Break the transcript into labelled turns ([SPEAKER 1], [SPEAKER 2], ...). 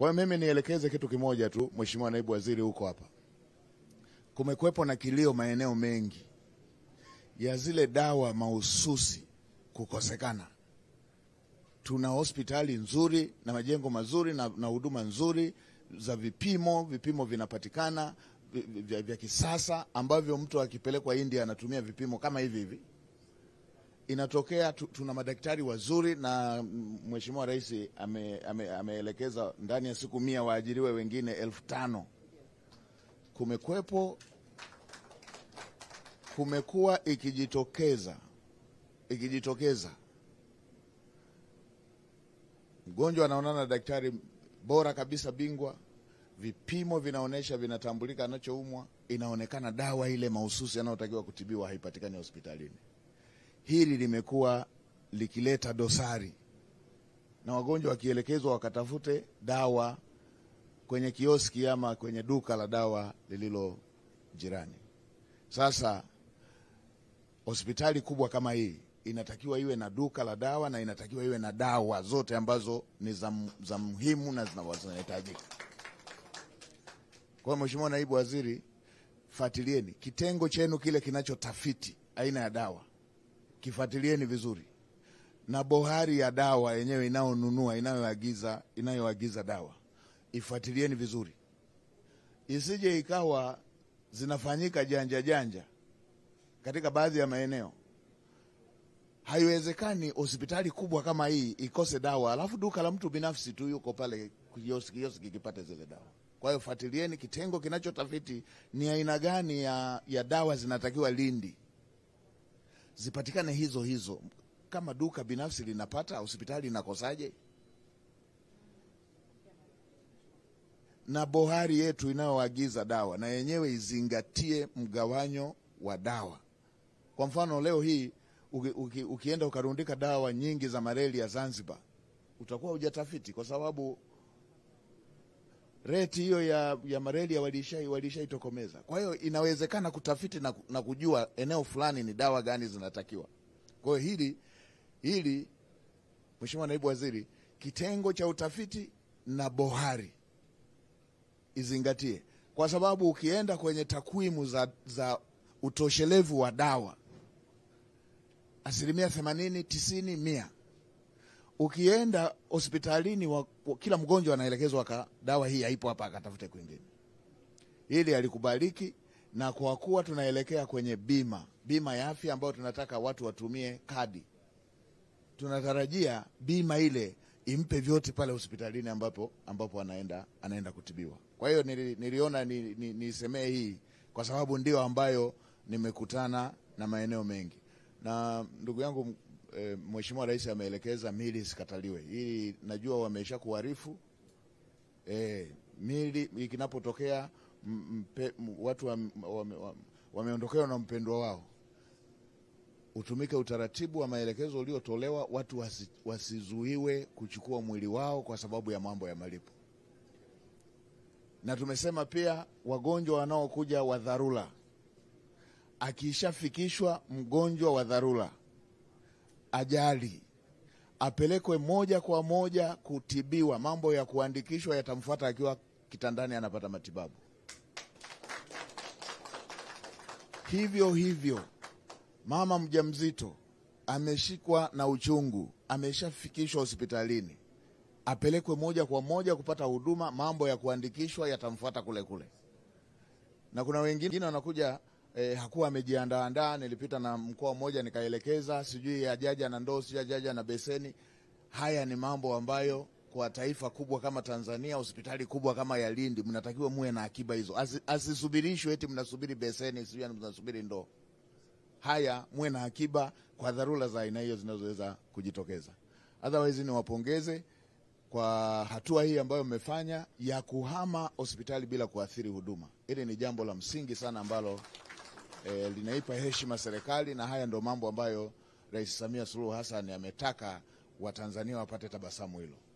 [SPEAKER 1] Kwa hiyo mimi nielekeze kitu kimoja tu, Mheshimiwa Naibu Waziri, huko hapa kumekuwepo na kilio maeneo mengi ya zile dawa mahususi kukosekana. Tuna hospitali nzuri na majengo mazuri na huduma nzuri za vipimo, vipimo vinapatikana vya, vya kisasa ambavyo mtu akipelekwa India anatumia vipimo kama hivi hivi inatokea tu, tuna madaktari wazuri na Mheshimiwa Rais ameelekeza ame, ame ndani ya siku mia waajiriwe wengine elfu tano. Kumekwepo, kumekuwa ikijitokeza ikijitokeza mgonjwa anaonana na daktari bora kabisa bingwa, vipimo vinaonyesha, vinatambulika anachoumwa, inaonekana dawa ile mahususi anayotakiwa kutibiwa haipatikani hospitalini hili limekuwa likileta dosari, na wagonjwa wakielekezwa wakatafute dawa kwenye kioski ama kwenye duka la dawa lililo jirani. Sasa hospitali kubwa kama hii inatakiwa iwe na duka la dawa na inatakiwa iwe na dawa zote ambazo ni za muhimu na zinahitajika. Kwa Mheshimiwa Naibu Waziri, fuatilieni kitengo chenu kile kinachotafiti aina ya dawa kifuatilieni vizuri, na bohari ya dawa yenyewe inayonunua inayoagiza inayoagiza dawa ifuatilieni vizuri, isije ikawa zinafanyika janja janja katika baadhi ya maeneo. Haiwezekani hospitali kubwa kama hii ikose dawa, alafu duka la mtu binafsi tu yuko pale kioski, kioski kipate zile dawa. Kwa hiyo fuatilieni kitengo kinachotafiti ni aina gani ya, ya dawa zinatakiwa Lindi zipatikane hizo hizo. Kama duka binafsi linapata, hospitali inakosaje? Na bohari yetu inayoagiza dawa na yenyewe izingatie mgawanyo wa dawa. Kwa mfano leo hii uki, uki, ukienda ukarundika dawa nyingi za malaria ya Zanzibar utakuwa hujatafiti kwa sababu reti hiyo ya, ya mareli walishaitokomeza. Kwa hiyo inawezekana kutafiti na, na kujua eneo fulani ni dawa gani zinatakiwa. Kwa hiyo hili hili, Mheshimiwa Naibu Waziri, kitengo cha utafiti na bohari izingatie, kwa sababu ukienda kwenye takwimu za, za utoshelevu wa dawa asilimia 80, 90, 100 ukienda hospitalini wa, wa, kila mgonjwa anaelekezwa ka dawa hii haipo hapa, akatafute kwingine. Ili alikubaliki, na kwa kuwa tunaelekea kwenye bima bima ya afya ambayo tunataka watu watumie kadi, tunatarajia bima ile impe vyote pale hospitalini ambapo ambapo anaenda anaenda kutibiwa. Kwa hiyo niliona nisemee ni, ni hii kwa sababu ndio ambayo nimekutana na maeneo mengi na ndugu yangu e, Mheshimiwa Rais ameelekeza mili zikataliwe, ili najua wamesha kuarifu e, mili ikinapotokea watu wameondokewa wame, wame na mpendwa wao utumike utaratibu wa maelekezo uliotolewa, watu wasi, wasizuiwe kuchukua mwili wao kwa sababu ya mambo ya malipo. Na tumesema pia wagonjwa wanaokuja wa dharura, akishafikishwa mgonjwa wa dharura ajali apelekwe moja kwa moja kutibiwa. Mambo ya kuandikishwa yatamfuata akiwa kitandani, anapata matibabu. Hivyo hivyo mama mjamzito ameshikwa na uchungu, ameshafikishwa hospitalini, apelekwe moja kwa moja kupata huduma. Mambo ya kuandikishwa yatamfuata kule kule, na kuna wengine wanakuja E, hakuwa amejiandaandaa. Nilipita na mkoa mmoja nikaelekeza, sijui ya jaja na ndoo, sijui jaja na beseni. Haya ni mambo ambayo kwa taifa kubwa kama Tanzania, hospitali kubwa kama ya Lindi, mnatakiwa muwe na akiba hizo, asisubirishwe eti mnasubiri beseni, sijui mnasubiri ndoo. Haya, muwe na akiba kwa dharura za aina hiyo zinazoweza kujitokeza. Otherwise niwapongeze kwa hatua hii ambayo mmefanya ya kuhama hospitali bila kuathiri huduma. Hili ni jambo la msingi sana ambalo e, linaipa heshima serikali, na haya ndo mambo ambayo Rais Samia Suluhu Hassan ametaka Watanzania wapate tabasamu hilo.